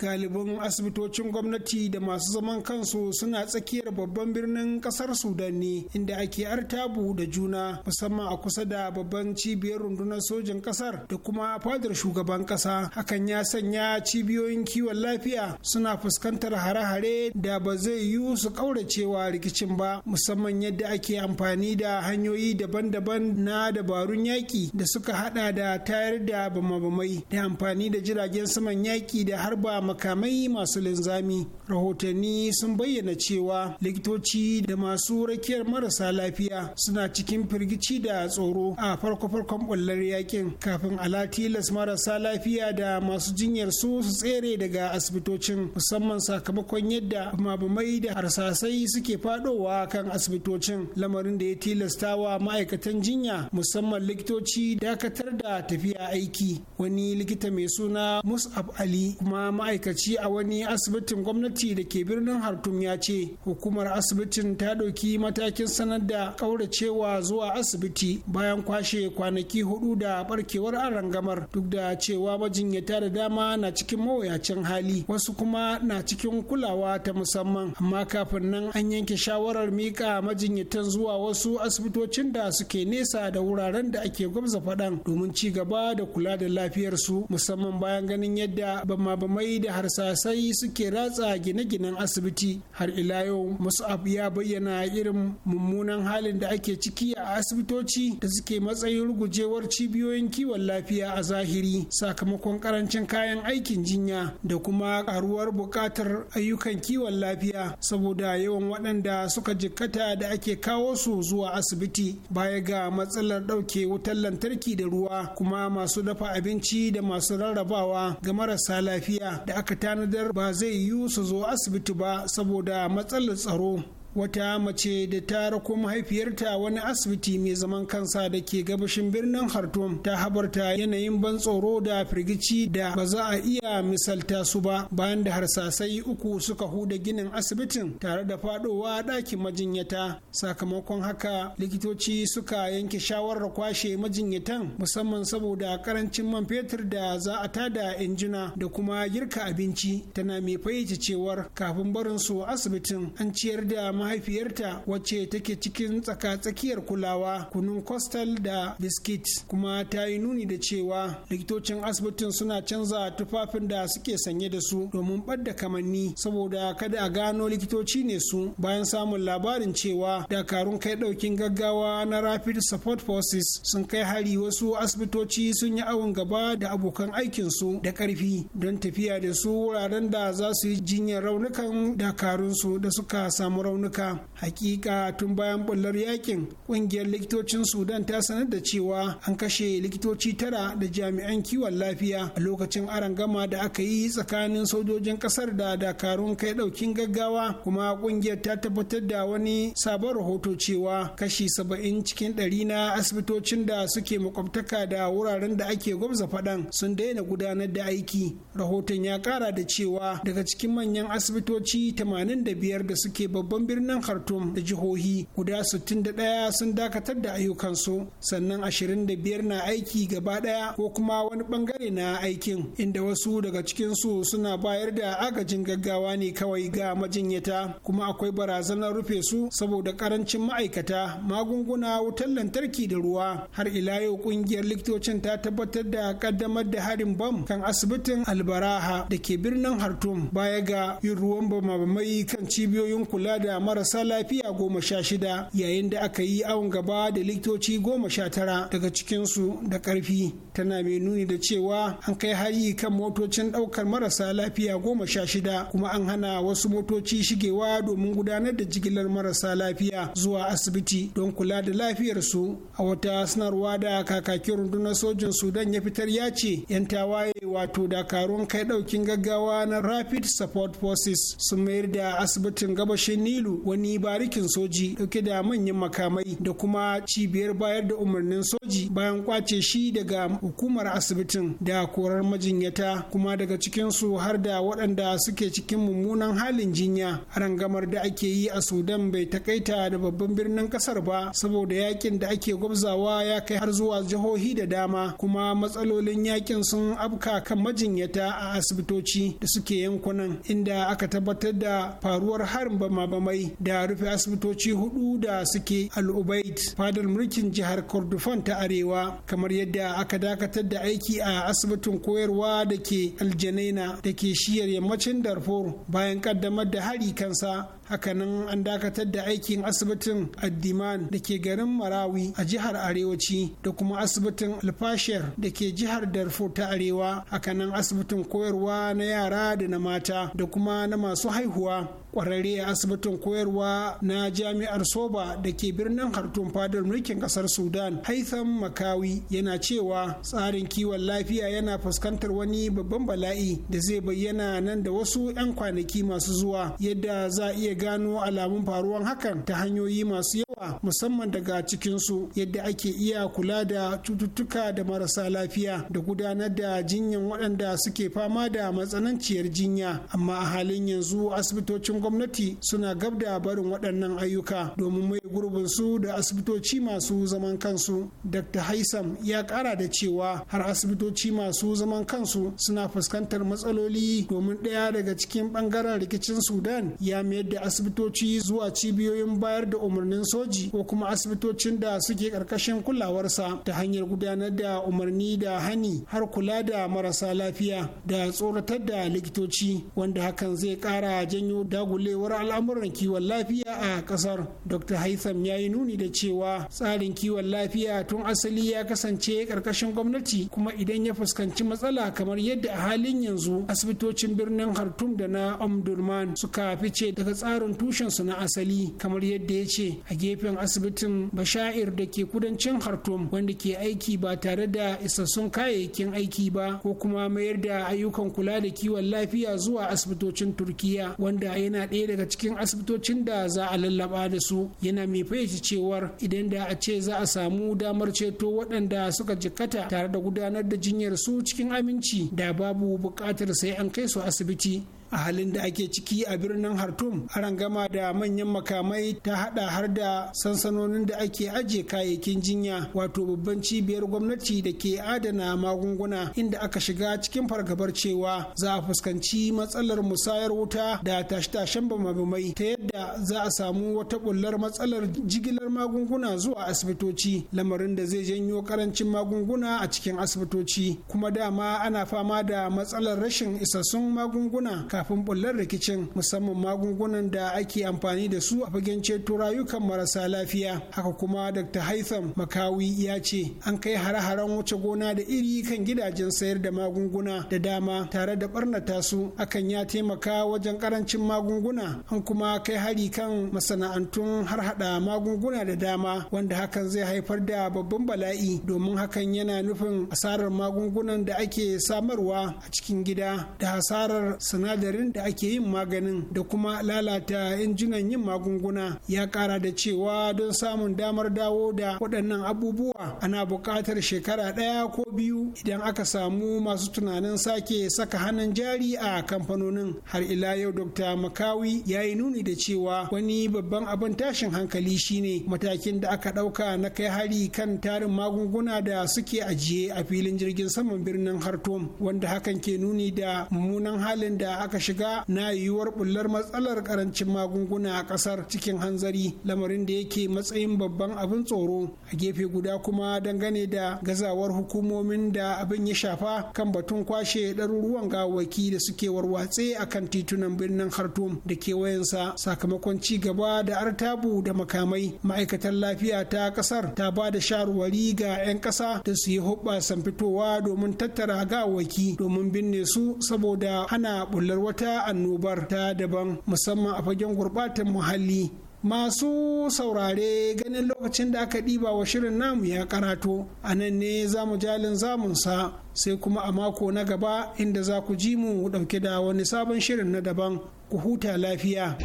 galibin asibitocin gwamnati da masu zaman kansu suna tsakiyar babban birnin kasar sudan ne inda ake artabu da juna musamman a kusa da babban cibiyar rundunar sojin kasar da kuma fadar shugaban kasa hakan ya sanya cibiyoyin kiwon lafiya suna fuskantar hare-hare da ba zai yiwu su kauracewa rikicin ba musamman yadda ake amfani da hanyoyi daban-daban na dabarun yaƙi da suka hada da tayar da bama-bamai da amfani da jiragen saman yaƙi da harba makamai masu linzami rahotanni sun bayyana cewa likitoci da masu rakiyar marasa lafiya suna cikin firgici da tsoro a farko-farkon bullar yakin kafin alatilas marasa lafiya da masu jinyar su su tsere daga asibitocin musamman sakamakon yadda mabamai da harsasai suke fadowa kan asibitocin lamarin da ya tilasta wa ma'aikatan jinya musamman likitoci dakatar da tafiya aiki wani likita mai suna mus'ab ali kuma ma'aikatan ma'aikaci a wani asibitin gwamnati da ke birnin hartum ya ce hukumar asibitin ta ɗauki matakin sanar da ƙauracewa zuwa asibiti bayan kwashe kwanaki hudu da barkewar arangamar duk da cewa majinyata da dama na cikin mawuyacin hali wasu kuma na cikin kulawa ta musamman amma kafin nan an yanke shawarar miƙa majinyatan zuwa wasu asibitocin da suke nesa da wuraren da ake gwamza faɗan domin ci gaba da kula da lafiyarsu musamman bayan ganin yadda bama-bamai da harsasai suke ratsa gine-ginen asibiti har ila yau mus'ab ya bayyana irin mummunan halin da ake ciki a asibitoci da suke matsayin rugujewar cibiyoyin kiwon lafiya a zahiri sakamakon karancin kayan aikin jinya da kuma karuwar buƙatar ayyukan kiwon lafiya saboda yawan waɗanda suka jikkata da ake kawo su zuwa asibiti baya ga matsalar ɗauke wutar lantarki da ruwa kuma masu dafa abinci da masu rarrabawa ga marasa lafiya da da aka tanadar ba zai yiwu su zo asibiti ba saboda matsalar tsaro wata mace da ta rako mahaifiyarta wani asibiti mai zaman kansa da ke gabashin birnin Khartoum ta habarta yanayin ban tsoro da firgici da ba za a iya misalta su ba bayan da harsasai uku suka huda ginin asibitin tare da fadowa ɗakin majinyata sakamakon haka likitoci suka yanke shawarar kwashe majinyatan musamman saboda karancin man fetur da za a tada injina da kuma girka abinci tana mai fayyace cewar kafin barin su asibitin an ciyar da mahaifiyarta wacce take cikin tsaka-tsakiyar kulawa kunun kostal da biskit kuma ta yi nuni da cewa likitocin asibitin suna canza tufafin da suke sanye da su domin ɓadda kamanni saboda kada a gano likitoci ne su bayan samun labarin cewa dakarun kai ɗaukin gaggawa na rapid support forces sun kai hari wasu asibitoci sun yi awon gaba da abokan aikinsu da ƙarfi don tafiya da su wuraren da za su yi jinyar raunukan dakarunsu da suka samu raunuka Amurka. hakika tun bayan bullar yakin kungiyar likitocin sudan ta sanar da cewa an kashe likitoci tara da jami'an kiwon lafiya a lokacin arangama da aka yi tsakanin sojojin kasar da dakarun kai daukin gaggawa kuma kungiyar ta tabbatar da wani sabon rahoto cewa kashi saba'in cikin ɗari na asibitocin da suke makwabtaka da wuraren da ake gwabza faɗan sun daina gudanar da aiki rahoton ya ƙara da cewa daga cikin manyan asibitoci 85 da suke babban birnin birnin khartoum da jihohi guda 61 sun dakatar da ayyukansu sannan 25 na aiki gaba daya ko kuma wani bangare na aikin inda wasu daga cikinsu suna bayar da agajin gaggawa ne kawai ga majinyata kuma akwai barazanar rufe su saboda karancin ma'aikata magunguna wutar lantarki da ruwa har ila yau kungiyar likitocin ta tabbatar da kaddamar da harin bam kan asibitin albaraha da ke birnin hartum baya ga yin ruwan bamabamai kan cibiyoyin kula da marasa lafiya goma sha shida yayin da aka yi awon gaba da likitoci goma sha tara daga cikinsu da karfi tana mai nuni da cewa an kai hari kan motocin ɗaukar marasa lafiya goma sha shida kuma an hana wasu motoci shigewa domin gudanar da jigilar marasa lafiya zuwa asibiti don kula da lafiyarsu a wata sanarwa da kakakin rundunar sojin sudan ya fitar ya ce 'yan tawaye wato dakarun kai ɗaukin gaggawa na rapid support forces sun mayar da asibitin gabashin nilu wani barikin soji dauke da manyan makamai da kuma cibiyar bayar da umarnin soji bayan kwace shi daga hukumar asibitin da korar majinyata kuma daga cikinsu har da waɗanda suke cikin mummunan halin jinya rangamar da ake yi a sudan bai takaita da babban birnin kasar ba saboda yakin da ake gwabzawa ya kai har zuwa jihohi da dama kuma matsalolin yakin sun afka kan majinyata a asibitoci da suke yankunan inda aka tabbatar da faruwar harin bama-bamai da rufe asibitoci hudu da suke al'ubaid fadar mulkin jihar kordofan ta arewa kamar yadda aka dakatar da aiki a asibitin koyarwa da ke aljanaina da ke shiyar yammacin darfur bayan kaddamar da hari kansa hakanan an dakatar da aikin asibitin addiman da ke garin marawi a jihar arewaci da kuma asibitin alfashir da ke jihar darfur ta arewa hakanan asibitin koyarwa na yara da na mata da kuma na masu haihuwa kwararre a asibitin koyarwa na jami'ar soba da ke birnin hartun fadar mulkin kasar sudan haitham makawi yana cewa tsarin kiwon lafiya yana fuskantar wani babban bala'i da zai bayyana nan da wasu 'yan kwanaki masu zuwa yadda za a iya gano alamun faruwan hakan ta hanyoyi masu yawa. al'umma musamman daga cikinsu yadda ake iya kula da cututtuka da marasa lafiya da gudanar da jinyan waɗanda suke fama da matsananciyar jinya amma a halin yanzu asibitocin gwamnati suna gab da barin waɗannan ayyuka domin mai gurbin su da asibitoci masu zaman kansu dr haisam ya kara da cewa har asibitoci masu zaman kansu suna fuskantar matsaloli domin ɗaya daga cikin ɓangaren rikicin sudan ya mayar da asibitoci zuwa cibiyoyin bayar da umarnin soja soji ko kuma asibitocin da suke ƙarƙashin kulawarsa ta hanyar gudanar da umarni da hani har kula da marasa lafiya da tsoratar da likitoci wanda hakan zai ƙara janyo dagulewar al'amuran kiwon lafiya a ƙasar dr haitham ya yi nuni da cewa tsarin kiwon lafiya tun asali ya kasance ƙarƙashin gwamnati kuma idan ya fuskanci matsala kamar yadda a halin yanzu asibitocin birnin hartum da na omdurman suka fice daga tsarin tushensu na asali kamar yadda ya ce a gefe gefen asibitin bashair da ke kudancin khartoum wanda ke aiki ba tare da isassun kayayyakin aiki ba ko kuma mayar da ayyukan kula da kiwon lafiya zuwa asibitocin turkiya wanda yana ɗaya daga cikin asibitocin da za a lallaba da su yana mai fahimci cewar idan da a ce za a samu damar ceto waɗanda suka jikkata tare da gudanar da jinyar su cikin aminci da babu buƙatar sai an kai su asibiti a halin da ake ciki a birnin a rangama da manyan makamai ta hada har da sansanonin da ake ajiye kayayyakin jinya wato babban cibiyar gwamnati da ke adana magunguna inda aka shiga cikin fargabar cewa za a fuskanci matsalar musayar wuta da tashe-tashen bamabamai ta yadda za a samu wata bullar matsalar jigilar magunguna zuwa asibitoci lamarin da zai janyo karancin magunguna a cikin asibitoci kuma dama ana fama da matsalar rashin isassun magunguna kafin bullar rikicin musamman magungunan da ake amfani da su a fagen ceto rayukan marasa lafiya haka kuma dr haitham makawi ya ce an kai hare-haren wuce gona da iri kan gidajen sayar da magunguna da dama tare da barnata su akan ya taimaka wajen karancin magunguna an kuma kai hari kan masana'antun harhaɗa magunguna da dama wanda hakan zai haifar da babban bala'i domin hakan yana nufin asarar magungunan da ake samarwa a cikin gida da hasarar sinadarin sinadarin da ake yin maganin da kuma lalata injinan yin magunguna ya kara da cewa don samun damar dawo da waɗannan abubuwa ana buƙatar shekara ɗaya ko biyu idan aka samu masu tunanin sake saka hannun jari a kamfanonin har ila yau dr makawi ya yi nuni da cewa wani babban abin tashin hankali shine matakin da aka ɗauka na kai hari kan tarin magunguna da suke ajiye a filin jirgin saman birnin hartom wanda hakan ke nuni da mummunan halin da aka shiga na yiwuwar bullar matsalar karancin magunguna a kasar cikin hanzari lamarin da yake matsayin babban abin tsoro a gefe guda kuma dangane da gazawar hukumomin da abin ya shafa kan batun kwashe ɗaruruwan gawaki da suke warwatse a kan titunan birnin khartoum da kewayensa sakamakon ci gaba da artabu da makamai ma'aikatan lafiya ta kasar ta ba da shawarwari ga 'yan kasa da su yi san fitowa domin tattara gawaki domin binne su saboda hana bullar wata annobar ta daban musamman a fagen gurbatan muhalli masu saurare ganin lokacin da aka ɗiba wa shirin namu ya karato a nan ne za mu jalin zamunsa sai kuma a mako na gaba inda za ku ji mu ɗauke da wani sabon shirin na daban ku huta lafiya.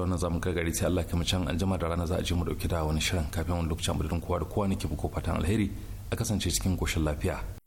da wannan zamu kai gari sai Allah kuma can anjima da rana za a je mu dauki da wani shirin kafin wani lokacin mu kowa da kowa nake muku fatan alheri a kasance cikin koshin lafiya